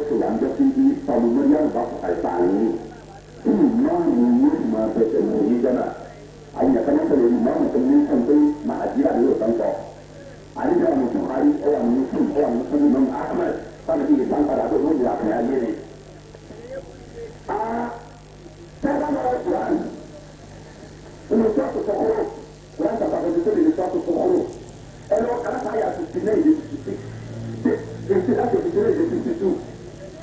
to anjasigi sabu mariyamu b'a fɔ a ye k'a ye kunu maa min ye maa bɛɛ kɛ mun ye jana a ɲakana fɛnɛ maa min fɛnɛ min fɛn bɛ maa jira ale y'o fɛn fɔ ale de y'a muso ayi e y'a muso e y'a muso min bɛ ahmed sanni k'i san fara a ko n'o de y'a fɛnɛ ye de aa tɛgɛ mara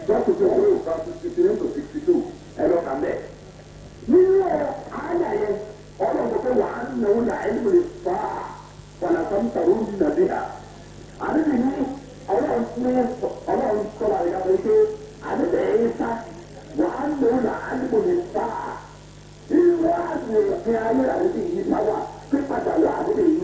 wọ́n kò tó ìwé òkà tó sixty eight to sixty two ẹ lọ kà mẹ́. nínú ọ̀rọ̀ àyà yẹn ọlọ́run pé wà á nà ó nà ẹ́ lè fà á wàlà tó ń ta ó ń nà bí ha. àdébì ní ọlọ́run ní ọlọ́run sọ̀rọ̀ àyà wọ́n pé àdébì ẹ̀yẹ sá wà á nà ó nà á lè fà á. nínú àti òfin ayé àdébì yìí sá wà pípadà wà àdébì yìí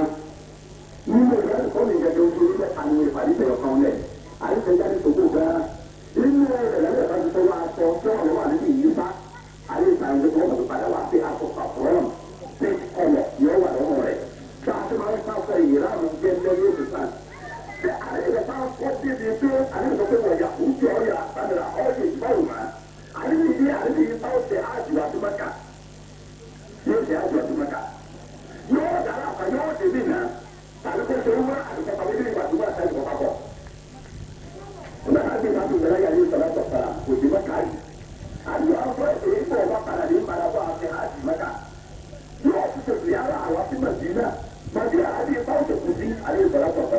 náà tàbí kó ṣe wúmọ́ àdúgbò pàdé bí ìgbà tó wà sáyé kọ́ papọ̀. ọ̀nà àti ìgbà tó gbẹ̀rẹ̀ yàrá ìṣọ̀lá sọ̀tara kò dé mọ́ta yìí. àlọ́ ọ̀fọ́ èyí bọ̀ wá padà ní padà bọ̀ àti àti mẹ́ta. yóò fi tòṣì yàrá àwọn sí màdínà màdínà àti ìpáwọ̀ tó kù sí àlẹ́ ìṣọ̀lá sọ̀tara.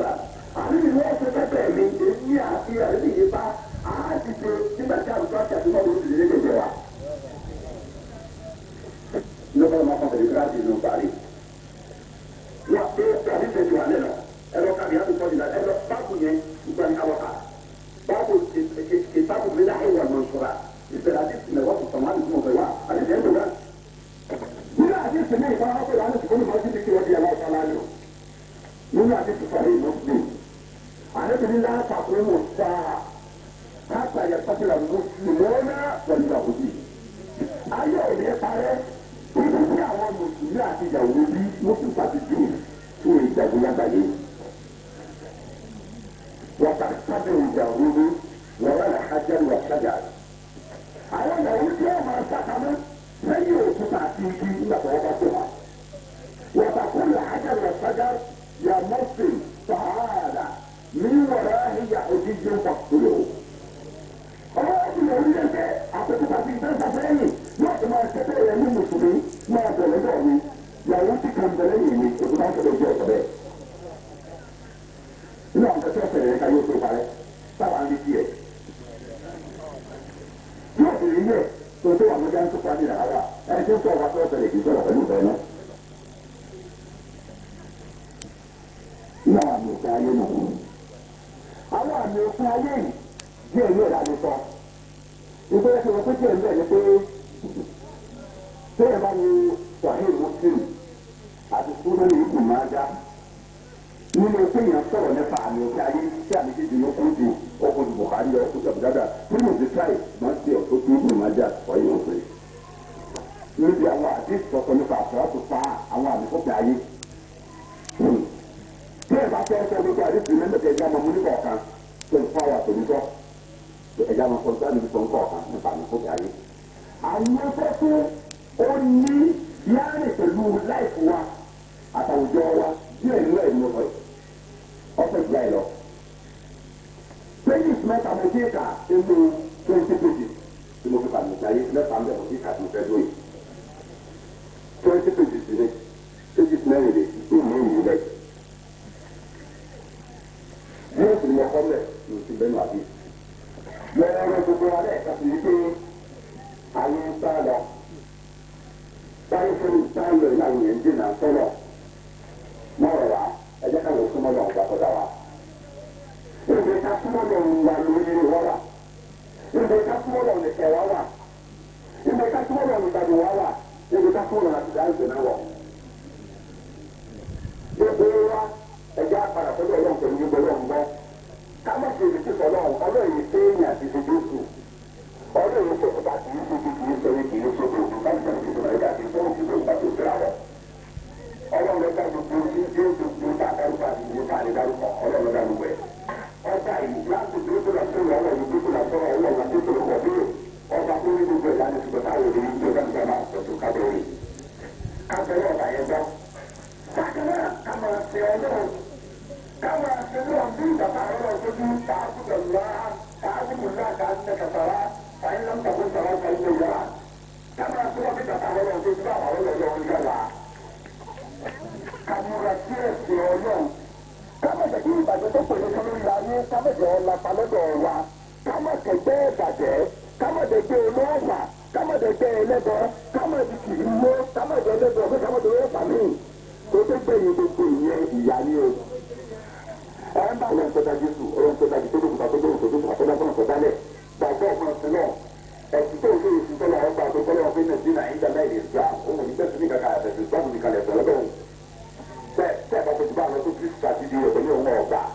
nínú àdìsí sàrí muslim àdìsí láta owó sáà káta yẹ pàtàkì muslim wọn náà pẹ̀lú àwùjọ ayé òní parẹ́ ibi tí àwọn mùsùlùmí àti ìyàwó bí muslim pàtó jù fún ìjàgbọ́n lágbàáyé wọ́n bá sábẹ́ ìjàgbọ́n ní wọ́n wà láhájá ní ọ̀ṣájà àwọn ìyàwó tí wọ́n máa sàkámọ́ sẹ́yìn òkúta àti igi nígbà tó يا مسلم تعالى من وراه يهودي náà àmì òfin ayé nù. àwọn àmì òfin ayé yìí díẹ̀ yóò lálẹ́ sọ. ìgbẹ́ ẹ̀sìn wọn muslim buhari ṣe ọ̀tọ̀ tó ikùn máa dá ọ̀yìn òfin. níbi afẹ́fẹ́ gbogbo àdìsí mẹ́ta tẹ ẹja máa mú nípa ọ̀kan tó ń fáyà tó ní sọ ẹja máa kọ́ńtà níbi tó ń kọ́ ọ̀kan nípa àmọ́kòkè ayé. àmọ́fẹ́ tó ó ní láàrin pẹ̀lú láìpù wa àtàwùjọ wa díẹ̀ nínú ẹ̀ ní ọ̀pẹ̀ ọ̀pẹ̀ ìgbà ẹ̀ lọ. pages mẹ́ta mo dé kọ́ mẹ́ ló ti bẹ́ẹ̀ máa bí. mo rọ gbogbo alẹ́ kàtí wípé àwọn ń bá lọ táyé fún táyé ìlànà yẹn dènà sọ́nà mọ́rọ̀ wá ẹjẹ́ ká lọ súnmọ́ lọ́wọ́ gbàkọ́dá wa. ìgbè ká súnmọ́ lọ́wọ́ wa lórí wa wà ìgbè ká súnmọ́ lọ́wọ́ nìkẹ́ wa wà ìgbè ká súnmọ́ lọ́wọ́ nìkàdùn wa wà ìgbè ká súnmọ́ lọ́wọ́ àtìdá ìgbìnà wọ̀. gbogbo wa ẹjẹ́ àpàràkọ́jọ́ ọlọ́run gbọ́dọ̀ yìí pé èèyàn ti ṣe bí تقول أنت فعل وجدي تعبد الله تعبد الله كأنك تراه فإن لم تكن تراه فإنه يراك كما تؤمن تعالى وجدي تعالى وجدي يراك kàmúra sí ẹ̀sìn ọlọ́run kámẹ̀tẹ̀ kí ìbàjẹ́ tó pèlè kan ló la yé kámẹ̀tẹ̀ ọ̀la palọ́dọ̀ wa kámẹ̀tẹ̀ gbé ìbàjẹ́ kámẹ̀tẹ̀ gbé olóòfà kámẹ̀tẹ̀ gbé ẹlẹ́bọ kámẹ̀tẹ̀ kì í wó kámẹ̀tẹ̀ ẹlẹ́bọ fún kámẹ̀tẹ̀ olóòfà míì tó tó gbẹ̀yìn gbogbo ìyẹn ọlọ́run kọjá jésù ọlọ́run kọjá jésù tó dùnkùn àkójọ òkòtò àkójọ fún ọ̀sọ̀dálẹ̀ gbàgbọ́ ọ̀kan sí náà ẹ̀sìn tó ṣe oṣù tọ́lá ọgbà tó kọ́lá ọ̀fẹ́ nàìjíríà ìjà láìlè ìjà òun ò ní bẹ́ẹ̀ sí ní kàkà àtẹ̀sí ìgbàgbọ́ ní kalẹ̀ ẹ̀sẹ̀ lọ́dọ̀